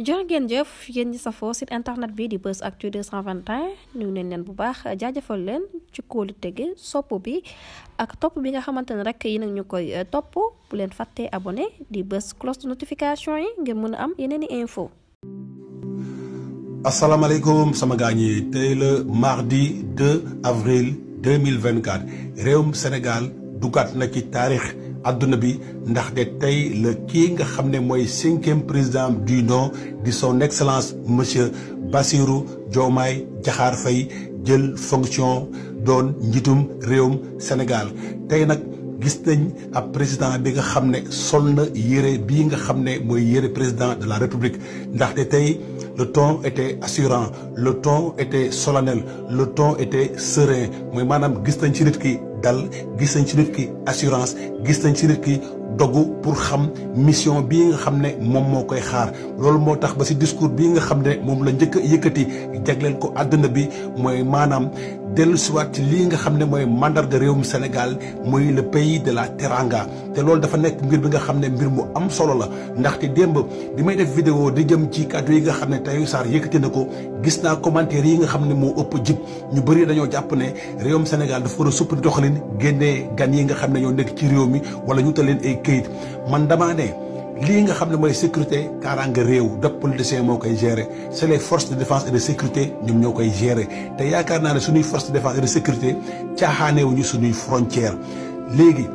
jërë ngeen jëf yéen ñi safoo site internet bi di Buzz Actu 221 ñu neen leen bu baax jaajafal leen ci kóolu tege sopp bi ak topp bi nga xamante ne rek yi nag ñu koy eh, topp bu leen fàttee abonné di bës cloche de notification yi ngir mën a am yeneen i info asalaamaaleykum sama gaañ yi tey la mardi 2 avril 2024 réewum Sénégal dugaat na ci taarix adduna bi ndaxte tey la kii nga xam ne mooy cinquième président du nom di son excellence monsieur Bassirou joomaay jaxaar fay jël fonction doon njiitum réewum Sénégal tey nag gis nañ ab président bi nga xam ne sol na yére bi nga xam ne mooy yére président de la république ndaxte tey le ton été assurant le ton était solennel le ton été serein mooy maanaam gis nañ ci nit ki dal gis nañ ci nit ki assurance gis nañ ci nit ki dogu pour xam mission bii nga xam ne moom moo koy xaar loolu moo tax ba si discours bii nga xam ne moom la njëkk a yëkkati jagleel ko àdduna bi mooy maanaam dellu siwaat ci lii nga xam ne mooy mandarga réew mi Sénégal mooy le pays de la teranga te loolu dafa nekk mbir bi nga xam ne mbir mu am solo la ndaxte démb bi may def vidéo di jëm ci kàddu yi nga xam ne Tahirou Sarr yëkkati na ko gis naa commentaire yi nga xam ne moo ëpp jib ñu bëri dañoo jàpp ne réewum Sénégal dafa war a suppi doxalin génnee gan yi nga xam ne ñoo nekk ci réew mi wala ñu taleen ay këyit man damaa ne lii nga xam ne mooy sécurité kaaraange réew dëpp politicien moo koy gérer c'est les forces de défense et de sécurité ñoom ñoo koy gérer te yaakaar naa ne suñuy forces de défense et de sécurité caaxaanewuñu suñuy frontière léegi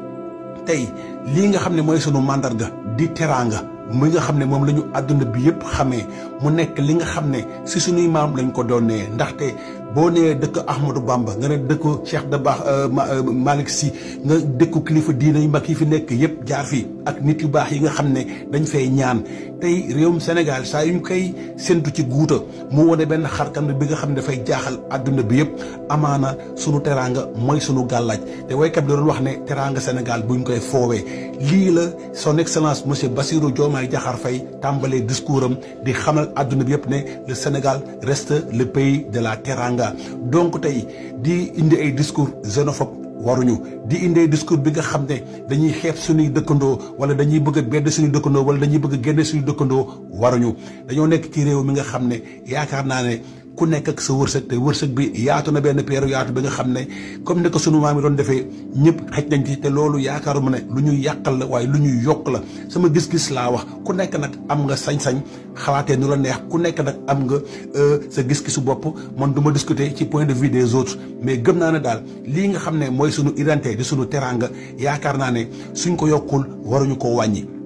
tey lii nga xam ne mooy sunu mandarga di teraanga mi nga xam ne moom la ñu àdduna bi yëpp xamee mu nekk li nga xam ne si suñuy maam lañu ko doon ndaxte boo nee dëkk Ahmadou Bamba nga ne dëkku Cheikh de Baax euh, euh, Malick Sy nga dëkku kilifa diina yu mag yi fi nekk yëpp jaar fi ak nit yu baax yi nga xam ne dañ fay ñaan tey réewum Sénégal saa yu ñu koy séntu ci guuta mu wane benn xarkan bi nga xam ne dafay jaaxal àdduna bi yëpp amaana sunu teraanga mooy sunu gàllaaj te waykat bi doon wax ne teraanga Sénégal buñ koy foowee lii la son excellence monsieur Bassirou Diomaye Diakhar fay tàmbalee discours am di xamal àdduna bi yëpp ne le Sénégal reste le pays la teraanga sanga tey di indi ay discours xénophobe waruñu di indee discours bi nga xam ne dañuy xeeb suñuy dëkkandoo wala dañuy bëgg a bedd suñuy dëkkandoo wala dañuy bëgg a génne suñuy dëkkandoo waruñu dañoo nekk ci réew mi nga xam ne yaakaar naa ne ku nekk ak sa wërsëg te wërsëg bi yaatu na benn peeru yaatu bi nga xam ne comme ni ko sunu maam yi doon defee ñëpp xëj nañ ci te loolu yaakaaruma ne lu ñuy yàqal la waaye lu ñuy yokk la sama gis-gis laa wax ku nekk nag am nga sañ-sañ xalaatee nu la neex ku nekk nag am nga euh, sa gis su bopp man du ma discuter ci point de vie des autres mais gëm naa ne daal lii nga xam ne mooy suñu identité di sunu teraanga yaakaar naa ne suñ ko yokkul waruñu ko wàññi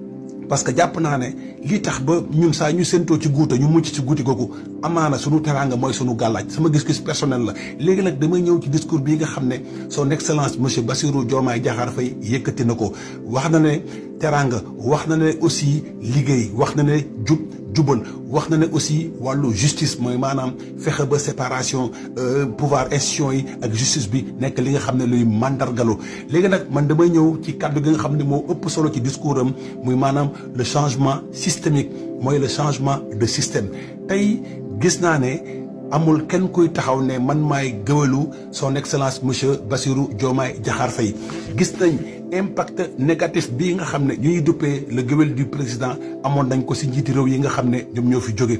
parce que jàpp naa ne li tax ba ñun saa ñu séentoo ci guuta ñu mucc ci guuti googu amaana sunu teraanga mooy sunu gàllaaj sama gis-gis personnel la léegi nag damay ñëw ci discours bi nga xam ne son excellence monsieur Bassirou Diomaye Diakhar fay yëkkati na ko wax na ne teraanga wax na ne aussi liggéey wax na ne jub jubal wax na ne aussi wàllu justice mooy maanaam fexe ba séparation euh, pouvoir institution yi ak justice bi nekk li nga xam ne luy mandargalu léegi nag man damay ñëw ci kàddu gi nga xam ne moo ëpp solo ci discours am muy maanaam le changement systémique mooy le changement de système tey gis naa ne amul kenn kuy taxaw ne man maay gëwalu son excellence monsieur Bassirou Diomaye Diakhar Faye gis nañ impact négatif bii nga xam ne ñu ñuy duppee le gëwal du président amoon nañ ko si njiiti réew yi nga xam ne ñoom ñoo fi jóge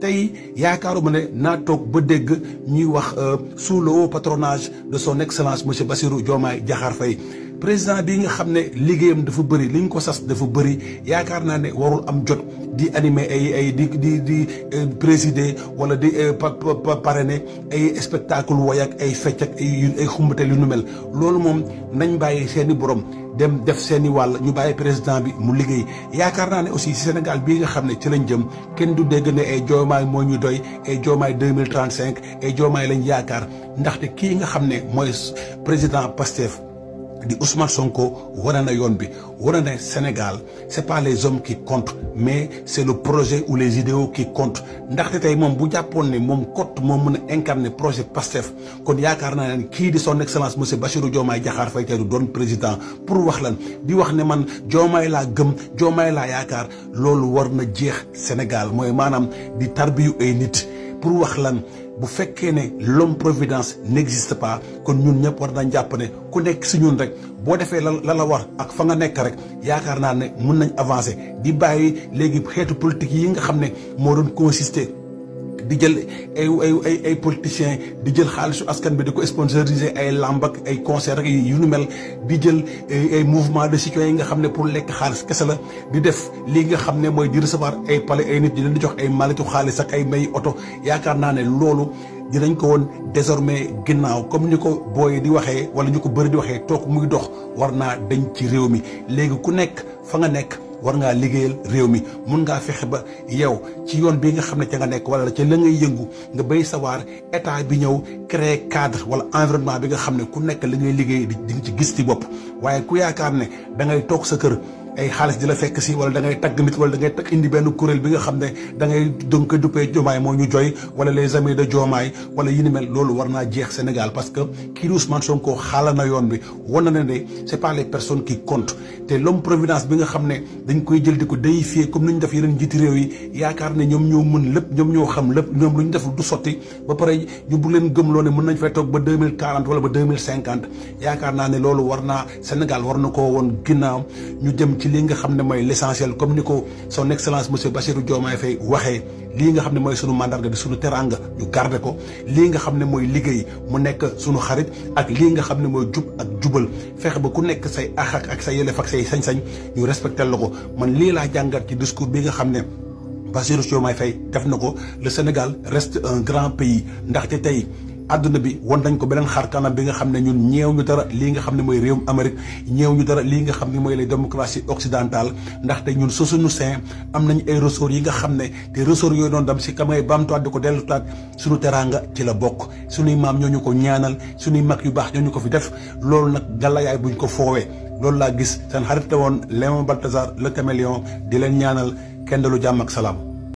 tey yaakaaruma ne naa toog ba dégg ñuy wax euh, sous le haut patronage de son excellence monsieur Bassirou Diomaye Diakhar Faye président bi nga xam ne liggéeyam dafa bëri li ñu ko sas dafa bëri yaakaar naa ne warul am jot di anime ay ay di di di euh, présider wala di euh, pare ne ay spectacle woy ak ay fecc ak ay ay xumbatel yu nu mel loolu moom nañ bàyyi seeni borom dem def seeni wàll ñu bàyyi président bi mu liggéey yaakaar naa ne aussi Sénégal bii nga xam ne ci lañ jëm kenn du dégg ne ay joomaay moo ñu doy ay joomaay deux mille trente cinq ay joomaay lañ yaakaar ndaxte kii nga xam ne mooy président Pastef di Ousmane Sonko wane na yoon bi wane na Sénégal c'est pas les hommes qui comptent mais c'est le projet ou les idéaux qui comptent ndaxte tey moom bu jàppoon ni moom cote moo mën a incarner projet PASTEF kon yaakaar naa ne kii di son excellence monsieur Bassirou Diomaye Diakhar Faye tey du doon président pour wax lan di wax ne man Diomaye laa gëm Diomaye laa yaakaar loolu war na jeex Sénégal mooy maanaam di tarbiyu ay nit pour wax lan bu fekkee ne l'homme providence n'existe pas kon ñun ñëpp war nañ jàpp ne ku nekk si ñun rek boo defee la la la war ak fa nga nekk rek yaakaar naa ne mun nañ avancer di bàyyi léegi xeetu politique yi nga xam ne moo doon consister di jël ay ay ay politiciens di jël xaalisu askan bi di ko sponsoriser ay lamb ak ay concert ak yu nu mel di jël ay mouvement de citoyens yi nga xam ne pour lekk xaalis kese la di def lii nga xam ne mooy di recevoir ay palais ay nit di leen di jox ay malitu xaalis ak ay may oto yaakaar naa ne loolu dinañ ko woon désormais ginnaaw comme ni ko booy di waxee wala ñu ko bëri di waxee toog muy dox war naa dañ ci réew mi léegi ku nekk fa nga nekk war ngaa liggéeyal réew mi mun ngaa fexe ba yow ci yoon bi nga xam ne ca nga nekk wala ca la ngay yëngu nga béy sawaar état bi ñëw créer cadre wala environnement bi nga xam ne ku nekk la ngay liggéey di nga ci gis ci bopp waaye ku yaakaar ne da ngay toog sa kër ay xaalis di la fekk si wala da ngay tagg nit wala da ngay tagg indi benn kuréel bi nga xam ne da ngay dënk ko duppee Diomaye moo ñu jooy wala les amis de Diomaye wala yi ni mel loolu war naa jeex Sénégal parce que kii di Ousmane Sonko xaala na yoon bi wan na ne ne c'est pas les personnes qui bi nga xam ne dañ koy jël di ko déifier comme ni ñu def yeneen njiiti réew yi yaakaar ne ñoom ñoo mën lépp ñoom ñoo xam lépp ñoom lu ñu def du sotti ba pare ñu bu leen gëmloo ne mën nañ fay toog ba deux mille quarante wala ba deux mille cinquante naa ne loolu war naa Sénégal war na koo woon ginnaaw ñu jëm ci lii nga xam ne mooy l'essentiel comme ni ko son excellence monsieur Bassirou Diomaye fay waxee lii nga xam ne mooy sunu mandarga di sunu teranga ñu garder ko lii nga xam ne mooy liggéey mu nekk sunu xarit ak lii nga xam ne mooy jub ak jubal fexe ba ku nekk say axak ak say yelef ak say sañ-sañ ñu respecté la ko man lii laa jàngat ci discours bi nga xam ne Bassirou Diomaye fay def na ko le Sénégal reste un grand pays ndaxte tey àdduna bi won nañ ko beneen xar kanam bi nga xam ne ñun ñeew ñu dara lii nga xam ne mooy réewum Amérique ñeew ñu dara lii nga xam ne mooy les démocratie occidentale ndaxte ñun su suñu sein am nañu ay ressources yi nga xam ne te ressources yooyu doon dem si kam ngay bamtuwaat di ko dellu delluwaat suñu teraanga ci la bokk suñuy maam ñoo ñu ko ñaanal suñuy mag yu baax ñoo ñu ko fi def loolu nag gàllayaay buñ ko foowee loolu laa gis seen xarit la woon Léon Balthazar le caméléon di leen ñaanal kenn dalu jàmm ak salaam